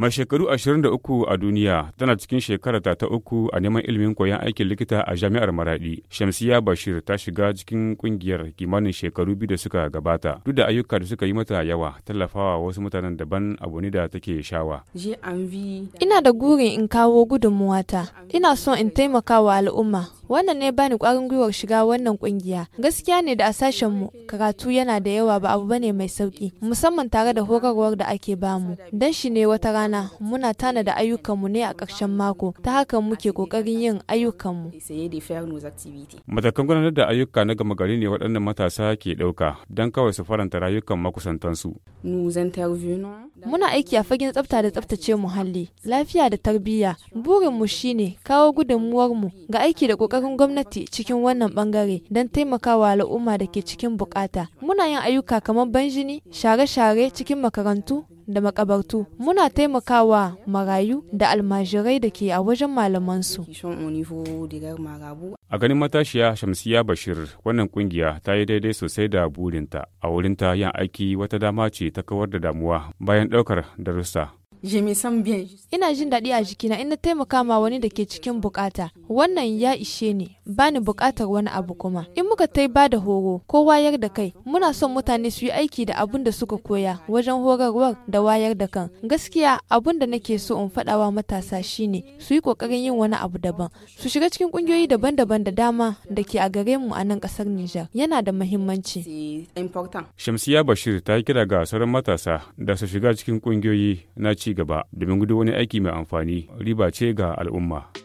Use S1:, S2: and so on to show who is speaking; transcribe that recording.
S1: Mai shekaru 23 a duniya tana cikin shekarata ta uku a neman ilimin koyon aikin likita a jami'ar Maradi. Shamsiya Bashir ta shiga cikin kungiyar kimanin shekaru biyu da suka gabata. Duk da ayyuka da suka yi mata yawa, tallafawa wasu mutanen daban abu ne da take shawa.
S2: Ina da gurin in kawo gudunmuwata. Ina son in taimaka wa al'umma. Wannan ne bani kwarin gwiwar shiga wannan kungiya Gaskiya ne da a sashen mu karatu yana da yawa ba abu bane mai sauki musamman tare da horarwar da ake bamu. Dan shi ne wata rana muna tana da ayyukanmu ne a karshen mako ta haka muke kokarin yin ayyukanmu.
S1: Matakan gudanar da ayyuka na gama gari ne waɗannan matasa ke ɗauka don kawai su faranta rayukan makusantansu.
S2: Muna aiki a fagen tsafta da tsaftace muhalli, lafiya da tarbiyya. burin mu shine kawo gudunmuwar mu ga aiki da kokarin. ƙoƙarin gwamnati cikin wannan ɓangare don taimakawa al'umma da ke cikin bukata. Muna yin ayyuka kamar banjini, share-share cikin makarantu da makabartu. Muna taimakawa marayu da almajirai da ke a wajen malamansu.
S1: A ganin matashiya Shamsiya Bashir, wannan kungiya ta yi daidai sosai da burinta. A wurinta yin aiki wata dama ce ta kawar da damuwa bayan ɗaukar darussa.
S2: Ina jin daɗi a jikina ina taimaka ma wani da ke cikin bukata. wannan ya ishe ni bani bukatar wani abu kuma in muka tai ba da horo ko wayar da kai muna son mutane su yi aiki da abun da suka koya wajen horarwar da wayar da kan gaskiya abun da nake so in faɗawa matasa shine su yi kokarin yin wani abu daban su shiga cikin kungiyoyi daban-daban da dama da ke a gare mu a nan kasar Nijar yana da muhimmanci
S1: Shamsiya Bashir ta kira ga sauran matasa da su shiga cikin kungiyoyi na ci gaba domin gudu wani aiki mai amfani riba ce ga al'umma